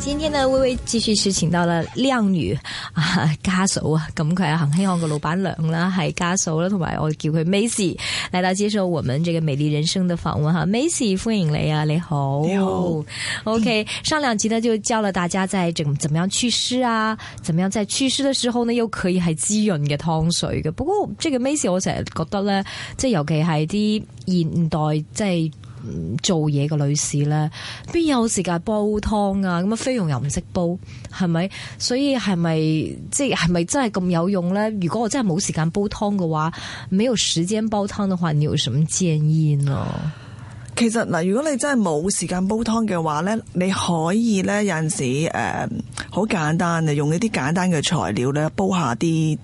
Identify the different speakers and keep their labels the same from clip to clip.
Speaker 1: 今天呢，微微繼續是請到了靚女啊，家嫂啊，咁佢係恒興行嘅老闆娘啦，係家嫂啦，同埋我叫佢 Macy，嚟到接受我們這個美麗人生的訪問哈，Macy 歡迎你啊，你好，你好，OK，上兩集呢就教咗大家在整，怎麼樣祛濕啊，怎麼樣在祛濕的時候呢，又可以係滋潤嘅湯水嘅，不過，這個 Macy 我成日覺得呢，即係尤其係啲現代即係。做嘢嘅女士呢，邊有時間煲湯啊？咁啊，菲傭又唔識煲，係咪？所以係咪即係係咪真係咁有用呢？如果我真係冇時間煲湯嘅話，沒有時間煲湯嘅話，你有什麼建議呢？其實嗱，如果你真係冇
Speaker 2: 時間煲湯嘅話呢，你可以呢，有陣時誒，好簡單啊，用一啲簡單嘅材料呢，煲下啲。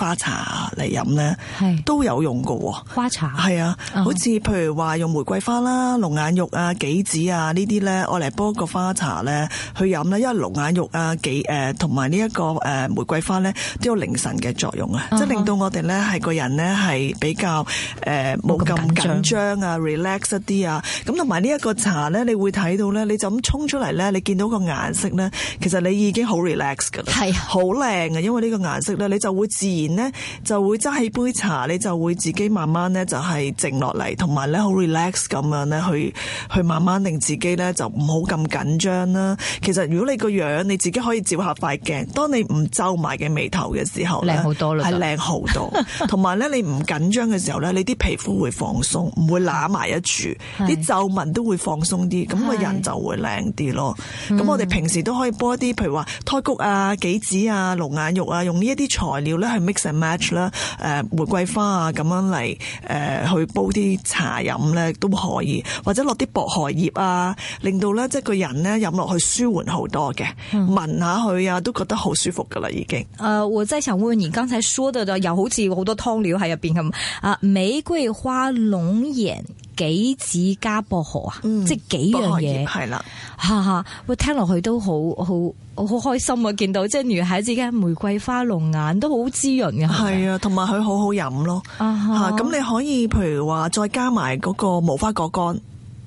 Speaker 2: 花茶嚟飲咧，係是都有用嘅喎。花茶係啊，好似、uh huh. 譬如話用玫瑰花啦、龍眼肉啊、杞子啊呢啲咧，我嚟煲個花茶咧去飲咧，因為龍眼肉啊、杞誒同埋呢一個誒玫瑰花咧，都有寧神嘅作用啊，uh huh. 即係令到我哋咧係個人咧係比較誒冇咁緊張啊，relax 一啲啊。咁同埋呢一個茶咧，你會睇到咧，你就咁沖出嚟咧，你見到個顏色咧，其實你已經好 relax 嘅，係好靚啊，因為呢個顏色咧，你就會自然。咧就會揸起杯茶，你就會自己慢慢咧就係靜落嚟，同埋咧好 relax 咁樣咧去去慢慢令自己咧就唔好咁緊張啦。其實如果你個樣你自己可以照下塊鏡，當你唔皺埋嘅眉頭嘅時候咧，係靚好多，同埋咧你唔緊張嘅時候咧，你啲皮膚會放鬆，唔 會攬埋一處，啲是皺紋都會放鬆啲，咁是個人就會靚啲咯。咁是我哋平時都可以煲一啲，譬如話胎菊啊、杞子啊、龍眼肉啊，用呢一啲材料咧去 match 啦，誒，玫瑰花啊，咁樣嚟誒、呃，去煲啲茶飲咧都可以，或者落啲薄荷葉啊，令到咧即係個人咧飲落去舒緩好多嘅，聞、嗯、下去啊都覺得好舒服噶啦已經。
Speaker 1: 誒、呃，我真係想問你，剛才說到嘅又好似好多湯料喺入邊咁啊，玫瑰花、龍眼。杞子加薄荷啊，嗯、即係幾樣嘢係啦，哈哈！喂， 聽落去都好好，我好開心啊！見到即係如係而家嘅玫瑰花龍、龍眼都滋潤好滋潤嘅，係、uh huh. 啊，同埋佢好好飲咯。咁，你
Speaker 2: 可以譬如話再加埋嗰個無花果乾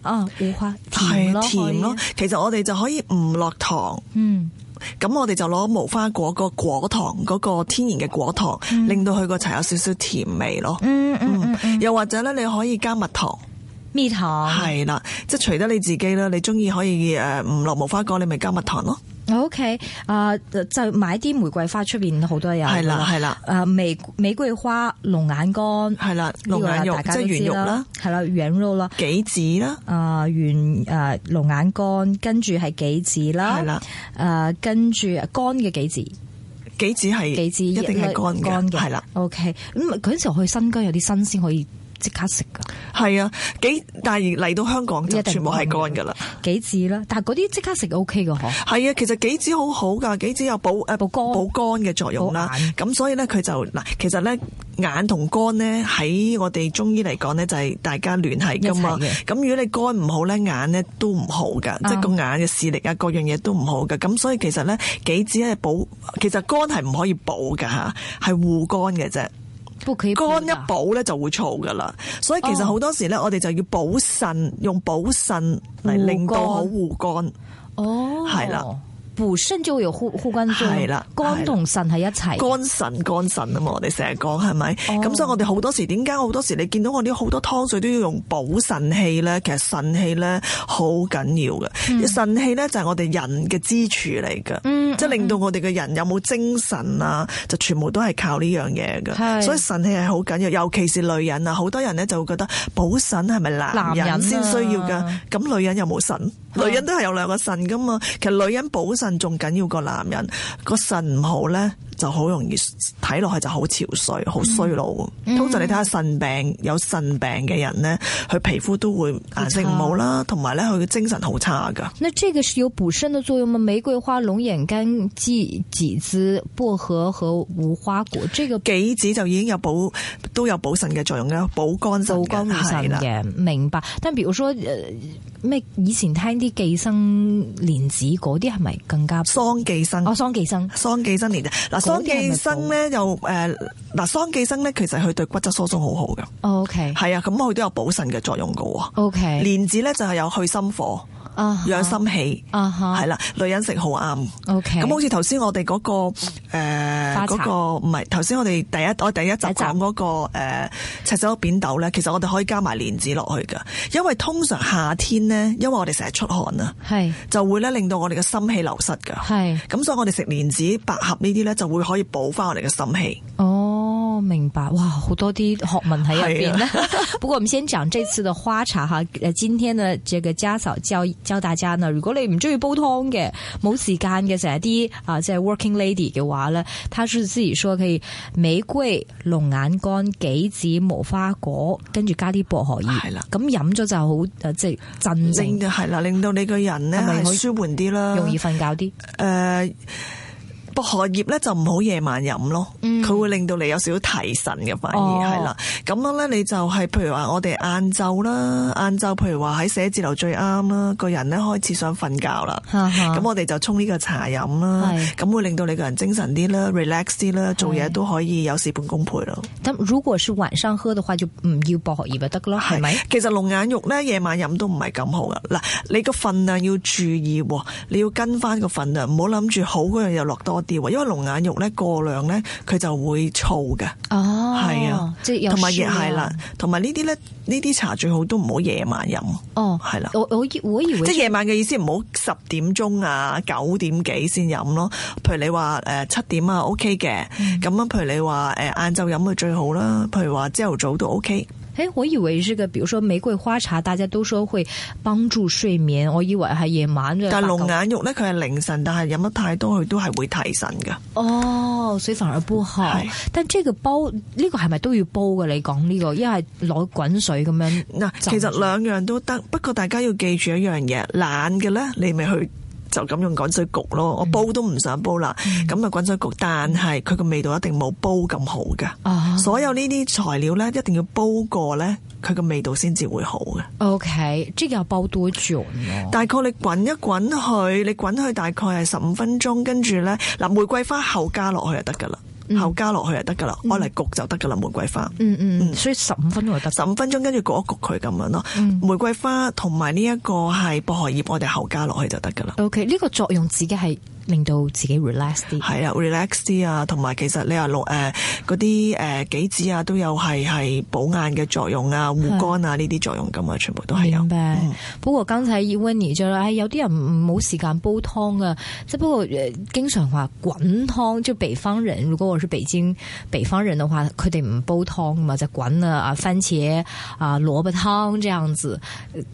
Speaker 2: 啊，花、哦、甜咯，甜以其實我哋就可以唔落糖，嗯，咁我哋就攞無花果個果糖嗰、嗰個天然嘅果糖，令到佢個茶有少少甜味咯。嗯嗯，嗯又或者咧，你可以加蜜糖。蜜糖係啦，即係除得你自己啦，你中意可以誒唔落無花果，你咪加蜜糖咯。
Speaker 1: O K，誒就買啲玫瑰花出邊好多嘢係啦係啦，誒玫玫瑰花，龍眼乾係啦，龍眼肉即係圓肉啦，係啦，圓肉啦，杞子啦，誒圓誒龍眼乾，跟住係杞子啦，係啦，誒跟住乾嘅杞子，杞子係杞子一定係乾嘅，係啦。O K，咁嗰陣時我去新疆有啲新鮮可以。即刻食噶，係啊，幾但係嚟到香港全部係乾噶啦，杞子啦，但係嗰啲即刻食 O K 噶嗬，
Speaker 2: 係啊，其實杞子好好噶，杞子有補誒補肝補肝嘅作用啦，咁眼所以咧佢就嗱，其實咧眼同肝咧喺我哋中醫嚟講咧就係大家聯繫噶嘛，咁如果你肝唔好咧，眼咧都唔好噶，嗯、即係個眼嘅視力啊各樣嘢都唔好噶，咁所以其實咧杞子係補，其實肝係唔可以補噶吓，係護肝嘅啫。肝一補咧就會燥噶啦，所以其實好多時咧，我哋就要補腎，用補腎嚟令到好護肝，哦，係啦。
Speaker 1: 補腎就會有護護肝，係啦，肝同腎係一齊，肝
Speaker 2: 腎肝腎啊嘛，我哋成日講係
Speaker 1: 咪？咁所以我哋好多時
Speaker 2: 點解好多時你見到我啲好多湯水都要用補腎氣咧？其實腎氣咧好緊要嘅，腎氣咧就係我哋人嘅支柱嚟噶，即係令到我哋嘅人有冇精神啊，就全部都係靠呢樣嘢嘅，所以腎氣係好緊要，尤其是女人啊，好多人咧就會覺得補腎係咪男人先需要噶？咁女人有冇腎，女人都係有兩個腎噶嘛？其實女人補。腎仲緊要個男人，個腎唔好咧，就好容易睇落去就好憔悴、好衰老。嗯、通常你睇下腎病有腎病嘅人咧，佢皮膚都會顏色唔好啦，同埋咧佢嘅
Speaker 1: 精神好差噶。那這個是有補腎嘅作用嘛？玫瑰花、龍眼乾、枸杞子、薄荷和無花果，這個杞子就已經有補都有補腎嘅作用啦，補肝腎嘅係啦，了明白。但比如說，呃咩？以前聽啲寄生蓮子嗰啲係咪更加桑寄生？哦，桑寄生，桑寄
Speaker 2: 生蓮。嗱，桑寄生咧又誒，嗱，桑寄生咧、呃、其實佢對骨質疏鬆好好噶。O K. 係啊，咁佢都有補腎嘅作用噶。
Speaker 1: O K. 蓮
Speaker 2: 子咧就係有去心火。啊，養、uh huh. 心氣，係啦、uh huh.，女人食好啱。O K，咁好似頭先我哋、嗰個誒，呃茶嗰個唔係頭先我哋第一我第一集講嗰、嗰個誒細、呃、赤小扁豆咧，其實我哋可以加埋蓮子落去噶，因為通常夏天咧，因為我哋成日出汗啊，係是就會咧令到我哋嘅心氣流失噶，係咁是所以我哋食蓮子、百合呢啲咧就會可以補翻我哋嘅心氣。Oh.
Speaker 1: 明白哇，好多啲學問喺入面。是啊、 不過我哋先講這次的花茶哈。誒，今天呢，這個家嫂教教大家呢，如果你唔中意煲湯嘅，冇時間嘅，成日啲啊，即係 working lady 嘅話咧，他說自己說可以玫瑰、龍眼乾、杞子、無花果，跟住加啲薄荷葉，係啦的。咁飲咗就好，誒，即係鎮靜，係啦，令到你個人咧係舒緩啲啦，容易瞓覺啲。誒、呃。薄
Speaker 2: 荷葉咧就唔好夜晚飲咯，佢、嗯、會令到你有少少提神嘅，反而係啦。咁、哦、樣咧你就係譬如話，我哋晏晝啦，晏晝譬如話喺寫字樓最啱啦，個人咧開始想瞓覺啦，咁、啊、哈我哋就沖呢個茶飲啦，咁是會令到你個人精神啲啦、relax 啲啦，做嘢都可以有事半功倍咯。咁如果是晚上喝
Speaker 1: 嘅話，就唔要薄荷葉就得咯，係咪？
Speaker 2: 其實龍眼肉咧夜晚飲都唔係咁好㗎。嗱，你個份量要注意，你要跟翻個份量，唔好諗住好嗰樣又落多點點。因為龍眼肉咧過量咧，佢就會燥嘅。
Speaker 1: 哦，係啊，即係同埋亦係啦，
Speaker 2: 同埋、啊、呢啲咧，呢啲茶最好都唔好夜晚飲。
Speaker 1: 哦，係啦、啊，
Speaker 2: 即係夜晚嘅意思唔好十點鐘啊，九點幾先飲咯。譬如你話誒七點啊 OK 嘅，咁樣、嗯、譬如你話誒晏晝飲佢最好啦。譬如話朝頭早
Speaker 1: 都 OK。誒、欸，我以為呢個，比如說玫瑰花茶，大家都說會幫助睡眠。我以為喺夜晚。但係龍眼
Speaker 2: 肉咧，佢係凌晨，但係飲得太多，佢都係會提神嘅。
Speaker 1: 哦，所以反而煲好。是但係呢個煲呢、這個係咪都要煲嘅？你講呢、這個，因為攞滾水咁樣水。嗱，其實兩
Speaker 2: 樣都得，不過大家要記住一樣嘢，懶嘅咧，你咪去。就咁用滾水焗咯，我煲都唔想煲啦。咁啊滾水焗，但係佢個味道一定冇煲咁好嘅。啊、所有呢啲材料咧，一定要煲過咧，佢個味道先至會好嘅。OK，即
Speaker 1: 係又煲多啲、哦，
Speaker 2: 大概你滾一滾佢，你滾佢大概係十五分鐘，跟住咧，嗱，玫瑰花後加落去就得㗎啦。後加落去就得噶啦，我嚟，嗯、焗就得噶啦，玫瑰花。嗯嗯，嗯，所以十五分鐘就得，十五分鐘跟住焗一焗佢咁樣咯。嗯、玫瑰花同埋呢一個係薄荷葉，我哋後加落去就得噶啦。
Speaker 1: O K，呢個作用指嘅係令到自己 relax 啲，係啦
Speaker 2: ，relax 啲啊，同埋、啊、其實你話六誒嗰啲誒杞子啊，都有係係補眼嘅作用啊，護肝啊呢啲作用噶嘛，全部都係
Speaker 1: 有。不過剛才 Evanie 話有啲人冇時間煲湯啊，即係不過誒，經常話滾湯，即係北方人。如果我是北京北方人嘅話，佢哋唔煲湯噶嘛，就滾啊番茄啊蘿蔔湯這樣子，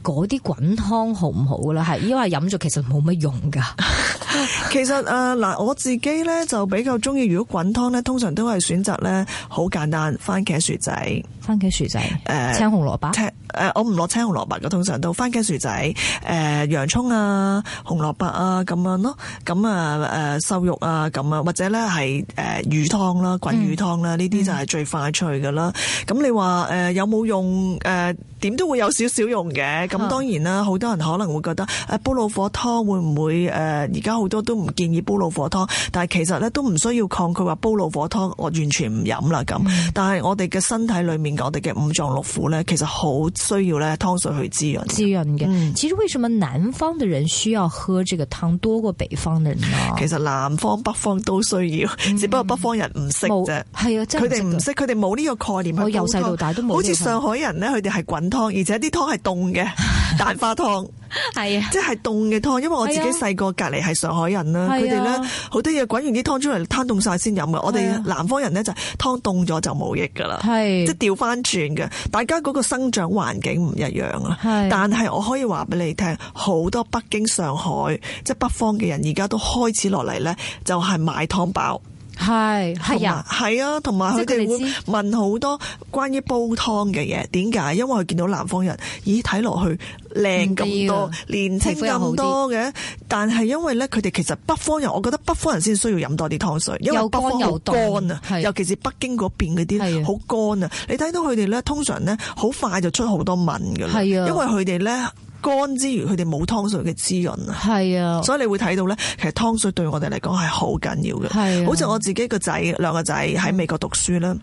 Speaker 1: 嗰啲滾湯好唔好啦？係因為飲咗其實冇乜用噶。 其實誒嗱、呃，我自己咧
Speaker 2: 就比較中意。如果滾湯咧，通常都係選擇咧好簡單番茄薯仔，番茄薯仔誒、呃、青紅蘿蔔青誒，我唔落青紅蘿蔔嘅，通常都番茄薯仔誒、呃、洋蔥啊紅蘿蔔啊咁樣咯。咁啊誒瘦肉啊咁啊，或者咧係誒魚湯啦，滾魚湯啦，呢啲、嗯、就係最快脆㗎啦。咁、嗯、你話誒、呃、有冇用誒？呃呃點都會有少少用嘅，咁當然啦，好多人可能會覺得，誒、啊、煲老火湯會唔會誒而家好多都唔建議煲老火湯，但係其實咧都唔需要抗拒話煲老火湯，我完全唔飲啦咁。但係我哋嘅身體裡面，我哋嘅五臟六腑咧，其實好需要咧湯水去滋潤。滋
Speaker 1: 潤嘅，嗯、其
Speaker 2: 實為什麼南方嘅人需要喝這個湯多過北方嘅人啊？其實南方北方都需要，只不過北方人唔識啫，係啊，佢哋唔識，佢哋冇呢個概念，我由細到大都冇。好似上海人呢，佢哋係滾。湯，而且啲湯係凍嘅， 蛋花湯係啊， 即係凍嘅湯。因為我自己細個隔籬係上海人啦，佢哋咧好多嘢，滾完啲湯出嚟，攤凍晒先飲嘅。啊、我哋南方人咧就湯凍咗就冇益噶啦，係是即係調翻轉嘅。大家嗰個生長環境唔一樣啊，是但係我可以話俾你聽，好多北京、上海即係北方嘅人而家都開始落嚟咧，就係買湯包。係，係是有啊，係啊，同埋佢哋會問好多關於煲湯嘅嘢，點解？因為佢見到南方人，咦，睇落去靚咁多，啊、年輕咁多嘅，但係因為咧，佢哋其實北方人，我覺得北方人先需要飲多啲湯水，因為北方好乾啊，有乾有尤其是北京嗰邊嗰啲好乾啊，啊你睇到佢哋咧，通常咧好快就出好多紋㗎喇，係啊，因為佢哋咧。乾之餘佢哋冇湯水嘅滋潤啊，係啊，所以你會睇到咧，其實湯水對我哋嚟講係好緊要嘅，係啊，好似我自己個仔兩個仔喺美國讀書啦，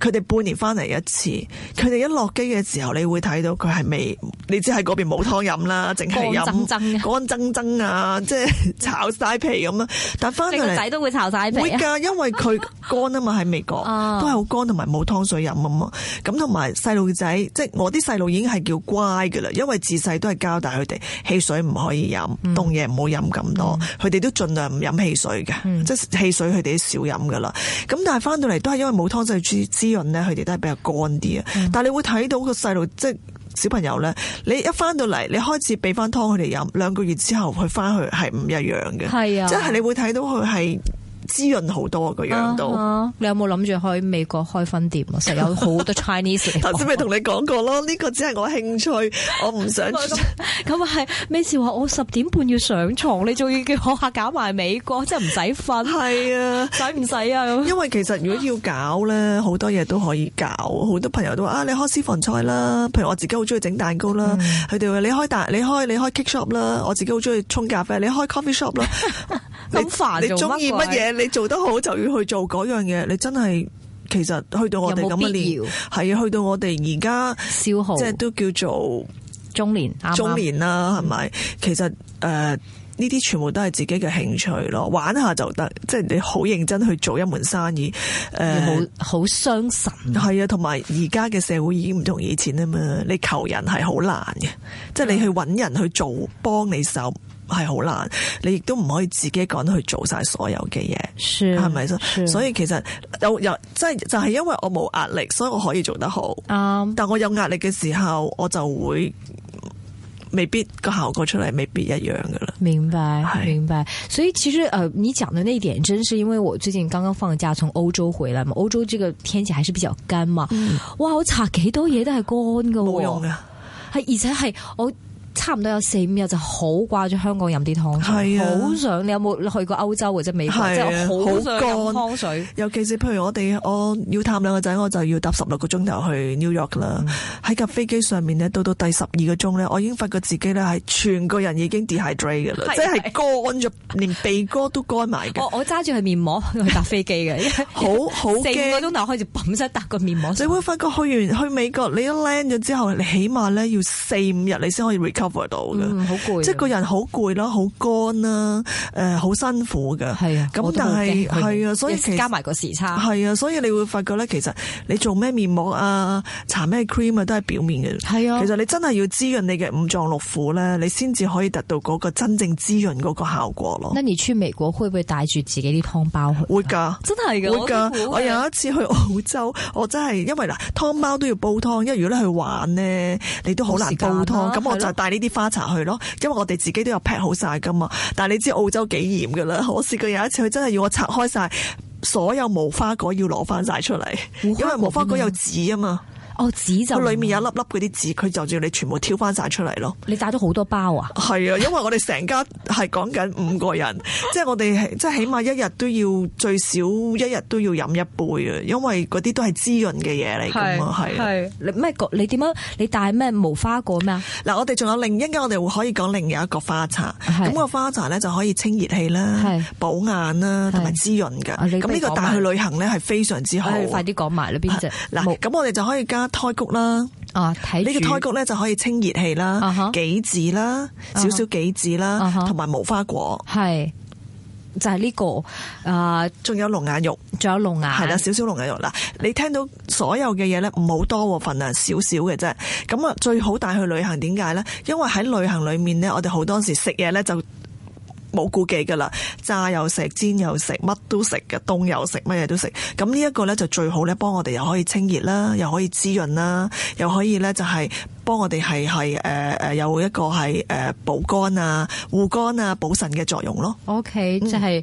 Speaker 2: 佢哋、嗯、半年翻嚟一次，佢哋一落機嘅時候你會睇到佢係未，你知喺嗰邊冇湯飲啦，淨係有乾蒸蒸嘅，啊， 即係炒晒皮咁啊，但翻嚟仔
Speaker 1: 都會炒晒皮，會噶，
Speaker 2: 因為佢乾啊嘛喺美國， 都係好乾同埋冇湯水飲啊嘛，咁同埋細路仔，即係我啲細路已經係叫乖噶啦，因為自細。都係交代佢哋汽水唔可以飲，凍嘢唔好飲咁多。佢哋、嗯、都盡量唔飲汽水嘅，即係汽水佢哋都少飲噶啦。咁但係翻到嚟都係因為冇湯水滋滋潤咧，佢哋都係比較乾啲啊。但係你會睇到個細路即係小朋友咧，你一翻到嚟你開始俾翻湯佢哋飲，兩個月之後佢翻去係唔一樣嘅，是啊、即係你會睇到佢係。滋
Speaker 1: 潤好多啊，個樣都，你有冇諗住去美國開分店啊？實有好多 Chinese 頭先咪同你講過咯，呢個只係我興趣，我唔想。咁啊係咩 i s 話我十點半要上床，你仲要叫我下搞埋美國，真係唔使
Speaker 2: 瞓。係啊，使唔使啊？因為其實如果要搞咧，好多嘢都可以搞。好多朋友都話啊，你開私房菜啦，譬如我自己好中意整蛋糕啦，佢哋話你開大，你開你開 c k shop 啦，我自己好中意沖咖啡，你開 coffee shop 啦。咁煩，你中意乜嘢？你做得好就要去做嗰樣嘢，你真係其實去到我哋咁嘅年，係啊，去到我哋而家消耗，即係都叫做中年中年啦，係咪，嗯？其實誒、呢、呃、啲全部都係自己嘅興趣咯，玩下就得，即係你好認真去做一門生意，誒、呃，好好傷神。係啊，同埋而家嘅社會已經唔同以前啊嘛，你求人係好難嘅，嗯、即係你去搵人去做幫你手。係好難，你亦都唔可以自己趕去做晒所有嘅嘢，係咪是是所以其實有有即係就係、是、因為我冇壓力，所以我可以做得好。Um, 但我有壓力嘅時候，我就會未必個效果出嚟，未必一樣噶啦。
Speaker 1: 明白，是明白。所以其實誒、呃，你講的那一點，真是因為我最近剛剛放假從歐洲回來嘛，歐洲這個天氣還是比較乾嘛。嗯、哇，我搽幾多嘢都係乾噶，冇用噶。係而且係我。差唔多有四五日就好掛住香港飲啲湯水，好想。你有冇去過歐洲或者美國，即係好想飲
Speaker 2: 湯水？尤其是譬如我哋，我要探兩個仔，我就要搭十六個鐘頭去 New York 啦。喺架、嗯、飛機上面呢，到到第十二個鐘呢，我已經發覺自己呢係全個人已經
Speaker 1: dehydrated 嘅啦，是是，即係乾咗，連鼻哥都乾埋嘅。我揸住係面膜去搭飛機嘅，好好四五個鐘頭開始抌個面膜。你會發覺去完去
Speaker 2: 美國你一 land 咗之後，你起碼呢要四五日你先可以 cover 到嘅，即係個人好攰啦，好乾啦，誒，好辛苦嘅，係啊。咁但係，係啊，所以加埋個時差，係啊，所以你會發覺咧，其實你做咩面膜啊，搽咩 cream 啊，都係表面嘅。係啊，其實你真係要滋潤你嘅五臟六腑咧，你先至可以達到嗰個真正滋潤嗰個效果咯。那
Speaker 1: 你去美國會唔會帶住自己啲湯包去？會噶，真係噶，會噶。我有
Speaker 2: 一次去澳洲，我真係因為嗱，湯包都要煲湯，因為如果你去玩咧，你都好難煲湯。咁我就帶。呢啲花茶去咯，因為我哋自己都有 pack 好晒噶嘛。但係你知澳洲幾嚴噶啦，我試過有一次，佢真係要我拆開晒所有無花果要，要攞翻晒出嚟，因為無花果有籽啊嘛。佢裏面有一粒粒嗰啲籽，佢就叫你全部挑翻晒出嚟咯。你帶咗好多包啊？係啊，因為我哋成家係講緊五個人，即係我哋即係起碼一日都要最少一日都要飲一杯啊，因為嗰啲都係滋潤嘅嘢嚟噶嘛。係，
Speaker 1: 你咩果？你點樣？你帶咩無花果咩啊？嗱，我哋仲有另一間，我哋會可以講另一
Speaker 2: 個花茶。咁個花茶咧就可以清熱氣啦，保眼啦，同埋滋潤噶。咁呢個帶去旅行咧係非常之好。快啲講埋邊隻嗱？咁我哋就可以加。胎菊啦，啊，睇呢個胎菊咧就可以清熱氣啦，啊、哈杞子啦，少少杞子啦，同埋無花果，係就係、是、呢、這個，啊、呃，仲有龍眼肉，仲有龍眼，係啦，少少龍眼肉啦。你聽到所有嘅嘢咧，唔好多份量，少少嘅啫。咁啊，最好帶去旅行，點解咧？因為喺旅行裏面咧，我哋好多時食嘢咧就。冇顧忌噶啦，炸又食，煎又食，乜都食嘅，凍又食，乜嘢都食。咁呢一個咧就最好咧，幫我哋又可以清熱啦，又可以滋潤啦，又可以咧就係幫我哋係係誒誒有一個係誒、呃、補肝啊、護肝啊、補腎嘅作用咯。OK，即係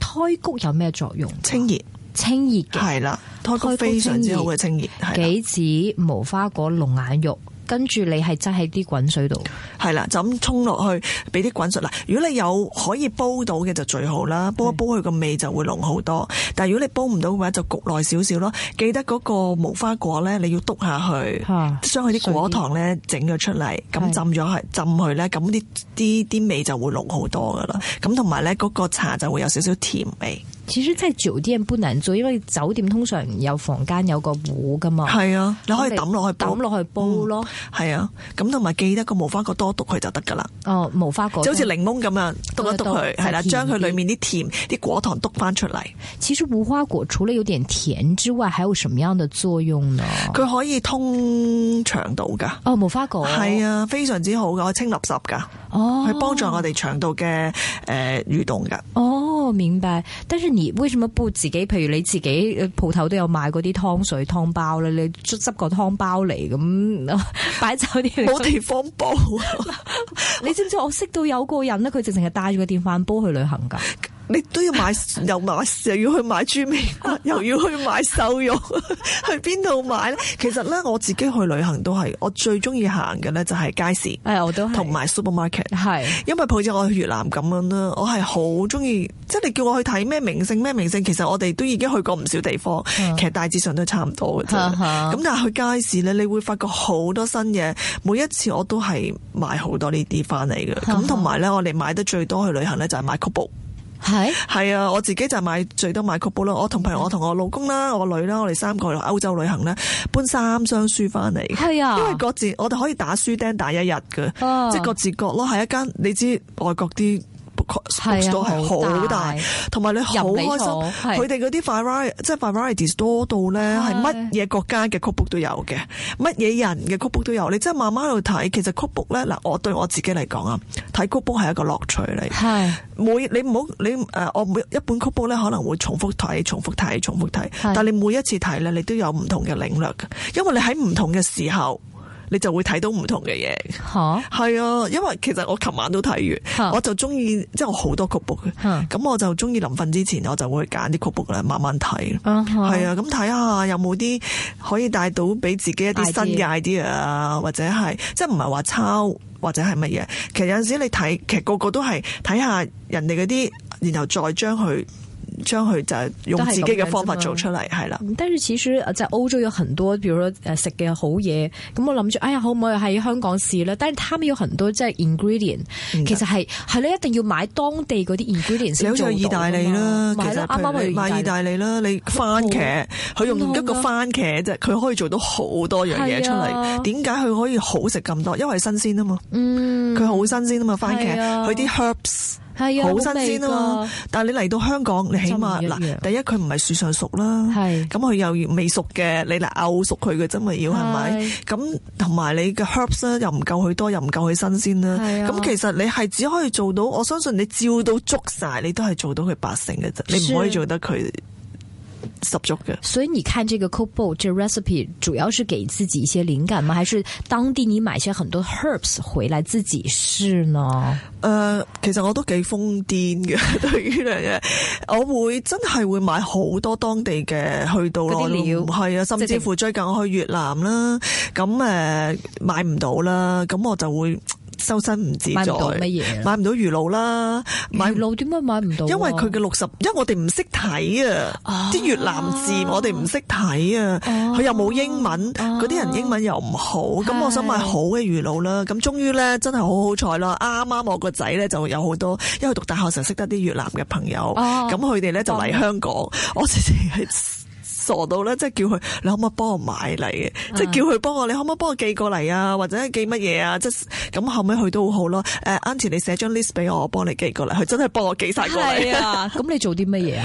Speaker 2: 胎菊有咩
Speaker 1: 作用？清熱，清熱嘅係啦，胎菊非常之好嘅清熱。清熱的杞子、無花果、龍眼肉。跟住你係擠喺啲滾水度，係啦，就咁沖落去，
Speaker 2: 俾啲滾水啦。如果你有可以煲到嘅就最好啦，煲一煲佢個味就會濃好多。但係如果你煲唔到嘅話，就焗耐少少咯。記得嗰個無花果咧，你要篤下去，將佢啲果糖咧整咗出嚟，咁浸咗浸去咧，咁啲啲啲味就會濃好多噶啦。咁同埋咧，嗰個茶就會有少少甜味。
Speaker 1: 其實喺酒店不難做，因為酒店通常有房間有個壺噶嘛。係啊，你可以抌落去抌落去煲咯。係、嗯、啊，咁同埋記得個無花果多篤佢就得噶啦。哦，無花果，果，就好似檸檬咁樣篤一篤佢，係啦，將佢裏
Speaker 2: 面啲甜啲果糖篤翻出嚟。
Speaker 1: 其實無花果除咗有點甜之外，還有什麼樣嘅作用呢？佢可以通腸道噶。哦，無花果係啊，非常之好噶，可以清垃圾噶。哦，
Speaker 2: 去幫助我哋腸道嘅誒蠕動噶。
Speaker 1: 哦，明白。但是你。為什麼煲自己？譬如你自己鋪頭都有賣嗰啲湯水湯包咧，你執執個湯包嚟咁擺走啲冇地
Speaker 2: 方煲。
Speaker 1: 你知唔知我識到有個人咧，佢直情係帶住個電飯煲去旅行噶？你都要買 又買，
Speaker 2: 又要去買豬尾骨，又要去買瘦肉， 去邊度買咧？其實咧，我自己去旅行都係，我最中意行嘅咧就係街市，同埋 supermarket 係，Super market，是因為好似我去越南咁樣啦，我係好中意，即係你叫我去睇咩明星咩明星，其實我哋都已經去過唔少地方， 其實大致上都差唔多嘅啫。咁 但係去街市咧，你會發覺好多新嘢，每一次我都係買好多 呢啲返嚟嘅。咁同埋咧，我哋買得最多去旅行咧就係買曲係，係是啊！我自己就買最多買 cookbook，我同譬我同我老公啦，我女啦，我哋三個去歐洲旅行咧，搬三箱書翻嚟。係啊，因為各自我哋可以打書釘打一日嘅，啊、即係各自各咯。喺一間，你知外國啲。Scope 都係好大，同埋你好開心，佢哋嗰啲 variety，即係 variety 多到咧，係乜嘢國家嘅 cookbook 都有嘅，乜嘢的人嘅 cookbook 都有。你真係慢慢喺度睇，其實 cookbook 咧，嗱我對我自己嚟講啊，睇 cookbook 係一個樂趣嚟。係的每你唔好你誒，我每一本 cookbook 咧可能會重複睇、重複睇、重複睇，但係你每一次睇咧，你都有唔同嘅領略，因為你喺唔同嘅時候。你就會睇到唔同嘅嘢，係哈啊，因為其實我琴晚都睇完，我就中意即係我好多曲目嘅，咁我就中意臨瞓之前我就會揀啲曲目嚟慢慢睇，係啊，咁睇下有冇啲可以帶到俾自己一啲新嘅 idea 啊，或者係即係唔係話抄或者係乜嘢。其實有陣時你睇，其實個個都係睇下人哋嗰啲，然後再將佢。將佢就係用自己嘅方法做出嚟，
Speaker 1: 係啦。跟住始初即係歐洲有很多，比如誒食嘅好嘢，咁我諗住哎呀，可唔可以喺香港試咧？但係佢有好多即係 ingredient，其實係係咧一定要買當地嗰啲 ingredient。有在意大利啦，其實啦，啱啱咪意
Speaker 2: 大利啦。你番茄，佢用一個番茄啫，佢可以做到好多樣嘢出嚟。點解佢可以好食咁多？因為新鮮啊嘛，嗯，佢好新鮮啊嘛，番茄，佢啲 herbs。好、嗯、新鮮嘛、啊。嗯、但係你嚟到香港，嗯、你起碼嗱，一第一佢唔係樹上熟啦，咁佢是又未熟嘅，你嚟拗熟佢嘅啫嘛，要係咪？咁同埋你嘅 herbs 又唔夠佢多，又唔夠佢新鮮啦。咁、啊、其實你係只可以做到，我相信你照到捉晒，你都係做到佢八成嘅啫，是你唔可以做得佢
Speaker 1: 十足嘅，所以你看這個 c o b o a e 這 recipe，主要是給自己一些靈感嗎？還是當地你買些很多 herbs 回來自己試呢？誒、呃，其實我都幾瘋癲嘅， 對於呢樣嘢，我會真係
Speaker 2: 會買好多當地嘅去到咯。唔係啊，甚至乎最近我去越南啦，咁誒、呃、買唔到啦，咁我就會。收身唔自做，買唔到乜嘢，買唔到魚露啦。買魚露點解買唔到？因為佢嘅六十，因為我哋唔識睇啊，啲越南字我哋唔識睇啊。佢又冇英文，嗰啲人英文又唔好。咁我想買好嘅魚露啦。咁終於咧，真係好好彩啦。啱啱我個仔咧就有好多，因為讀大學時候識得啲越南嘅朋友，咁佢哋咧就嚟香港，我直直去。傻到咧，即係叫佢，你可唔可以幫我買嚟嘅？即係、啊、叫佢幫我，你可唔可以幫我寄過嚟啊？或者寄乜嘢啊？即係咁後尾佢都好好、啊、咯。誒 Auntie 你寫張 list 俾我，我幫你寄過嚟。佢真係幫我寄晒過嚟。啊，咁你做啲乜嘢啊？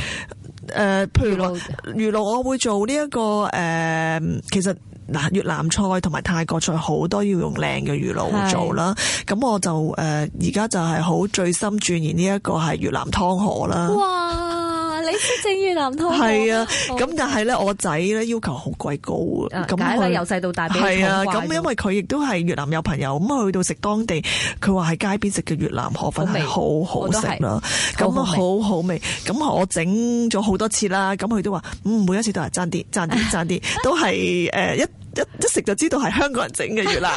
Speaker 2: 誒、 呃，譬如話魚露，我會做呢、這、一個誒、呃，其實嗱越南菜同埋泰國菜好多要用靚嘅魚露做啦。咁是我就誒而家就係好最心鑽研呢一個係越南湯河啦。哇！
Speaker 1: 你識整越南湯？係啊，咁但係咧，
Speaker 2: 我仔咧要求好鬼高啊，咁佢由細到大，係啊，咁因為佢亦都係越南有朋友，咁去到食當地，佢話喺街邊食嘅越南河粉係好好食啦，咁啊好好味，咁我整咗好多次啦，咁佢都話唔每一次都係爭啲爭啲爭啲，都係誒一一一食就知道係香港人整嘅越南。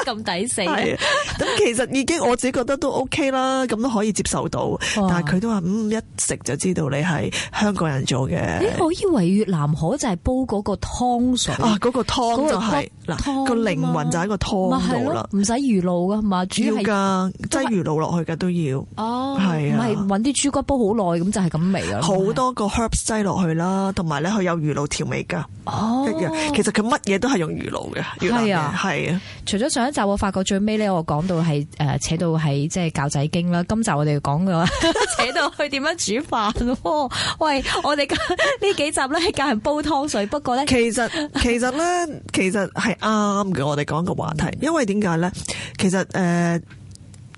Speaker 2: 咁抵死，咁、啊、 其實已經我自己覺得都 OK 啦，咁都可以接受到。啊、但係佢都話：一食就知道你係香港人做嘅、欸。
Speaker 1: 我以為越南河就係煲嗰個湯水啊，嗰、嗰個湯就係、係、嗱個，個靈魂就喺個湯度啦湯、啊。唔使、啊、魚露噶嘛，主要㗎，擠
Speaker 2: 魚露落去㗎都要。哦，係唔係
Speaker 1: 揾啲豬骨煲好耐咁就係咁味啊。好多個
Speaker 2: herbs 擠落去啦，同埋咧佢有魚露調味㗎。哦，一樣，其實佢乜嘢都係用魚
Speaker 1: 露嘅，越南嘅係啊。除咗上上一集我發覺最尾咧，我講到係誒扯到係即係教仔經啦。今集我哋講嘅話扯到去點樣煮飯、啊。喂，我哋呢幾集咧教人煲湯水，不過咧其實其實咧 其實
Speaker 2: 係啱嘅。我哋講個話題，因為點解咧？其實誒。呃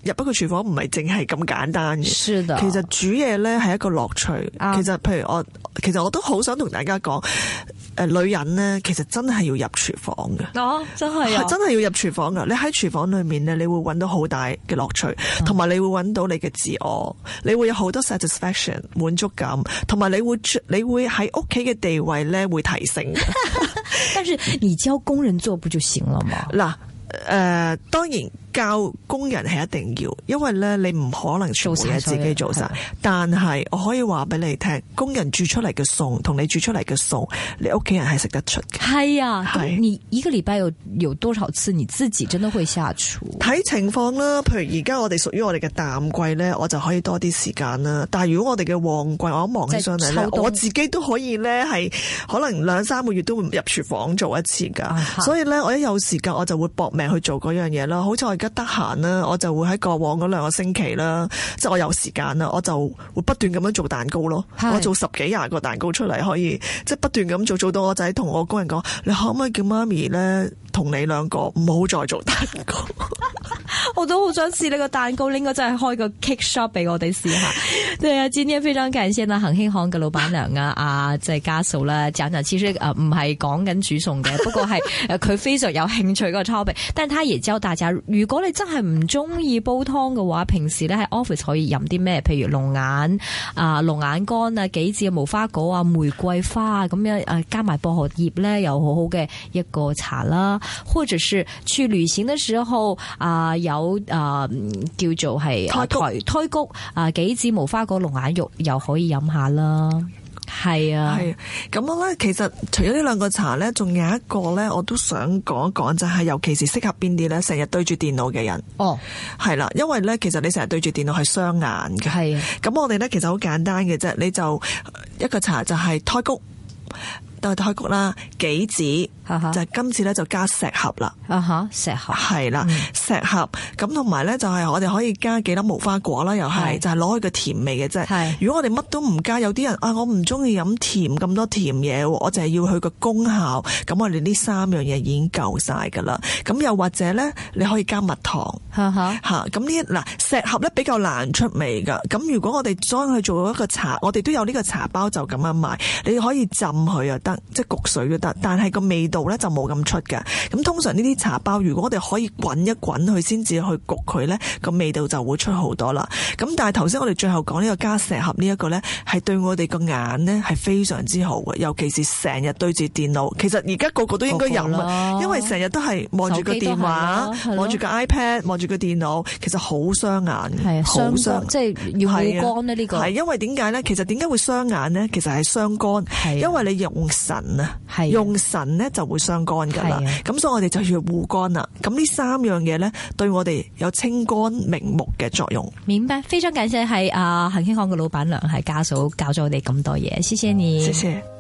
Speaker 2: 入一個廚房唔係淨係咁簡單，的其實煮嘢呢係一個樂趣。嗯、其實譬如我，其實我都好想同大家講，誒、呃，女人呢其實真係要入廚房嘅、
Speaker 1: 哦，真係，真
Speaker 2: 係要入廚房噶。你喺廚房裏面咧，你會搵到好大嘅樂趣，同埋、嗯、你會搵到你嘅自我，你會有好多 satisfaction 滿足感，同埋你會你會喺屋企嘅地位呢會提升。
Speaker 1: 但是你教工人做不就行了嘛？嗱、
Speaker 2: 嗯，誒、呃呃，當然。教工人係一定要，因為咧你唔可能全部嘢自己做晒，做但係我可以話俾你聽，工人煮出嚟嘅餸同你煮出嚟嘅餸，你屋企人係食得出嘅。係啊，係是你一個
Speaker 1: 禮拜有有多少次你自己真的會下廚？
Speaker 2: 睇情況啦，譬如而家我哋屬於我哋嘅淡季呢，我就可以多啲時間啦。但係如果我哋嘅旺季，我一忙起上嚟咧，我自己都可以呢，係可能兩三個月都會入廚房做一次噶。啊、哈所以呢，我一有時間我就會搏命去做嗰樣嘢啦。好在。一得閒啦，我就會喺過往兩個星期啦，即係我有時間啦，我就會不斷咁樣做蛋糕咯。是的 我做十幾廿個蛋糕出嚟，可以即係不斷咁做，做到我仔同我工人講：你可唔可以叫媽咪咧，同你兩個唔好再做蛋糕。
Speaker 1: 我都好想試呢個蛋糕，應該真係開個 cake shop 俾我哋試下。對啊，Jenny 非常感謝啦，恒興行嘅老闆娘啊，啊即係家嫂啦，盞茶之先，唔係講緊煮餸嘅，不過係佢、呃、非常有興趣個 topic。但係睇完之後，大家如果你真係唔中意煲湯嘅話，平時咧喺 office 可以飲啲咩？譬如龍眼啊、龍、呃、眼乾啊、杞子、無花果啊、玫瑰花啊，咁樣誒、呃、加埋薄荷葉咧，有好好嘅一個茶啦。或者是去旅行嘅時候啊、呃呃、有。好啊、呃，叫做係胎胎菊啊，杞子、啊、幾無花果、龍眼肉又可以飲下啦。係啊，係咁啊咧。其實除咗呢兩個茶咧，仲有一個咧，我都想
Speaker 2: 講一講，就係尤其是適合邊啲咧，成日對住電腦嘅人。哦，係啦，因為咧，其實你成日對住電腦係傷眼嘅。係啊的，咁我哋咧其實好簡單嘅啫，你就一個茶就係胎菊。都係胎菇啦，杞子、啊、哈就今次咧就加石斛啦、啊，石斛，係啦，嗯、石斛，咁同埋咧就係、是、我哋可以加幾粒無花果啦，又係是就係攞佢個甜味嘅啫。是如果我哋乜都唔加，有啲人啊，我唔中意飲甜咁多甜嘢，我淨係要佢個功效。咁我哋呢三樣嘢已經夠晒噶啦。咁又或者咧，你可以加蜜糖，吓，咁呢嗱石斛咧比較難出味噶。咁如果我哋將佢做一個茶，我哋都有呢個茶包就咁樣賣，你可以浸佢啊。得。即係焗水都得，但係個味道咧就冇咁出嘅。咁通常呢啲茶包，如果我哋可以滾一滾佢，先至去焗佢咧，個味道就會出好多啦。咁但係頭先我哋最後講呢個加石斛呢一個咧，係對我哋個眼咧係非常之好嘅，尤其是成日對住電腦。其實而家個個都應該有啊，因為成日都係望住個電話，望住個 iPad，望住個電腦，其實好傷眼嘅，好傷即係
Speaker 1: 要護肝呢個。係
Speaker 2: 因為點解咧？其實點解會傷眼咧？其實係傷肝，的因為你用。神啊，用神咧就會傷肝噶啦，咁的所以我哋就要護肝啦。咁呢三樣嘢咧，對我哋有清肝明目嘅
Speaker 1: 作用。明白，非常感謝係阿恒興行嘅老闆娘係家嫂教咗我哋咁多嘢，謝謝你。謝謝。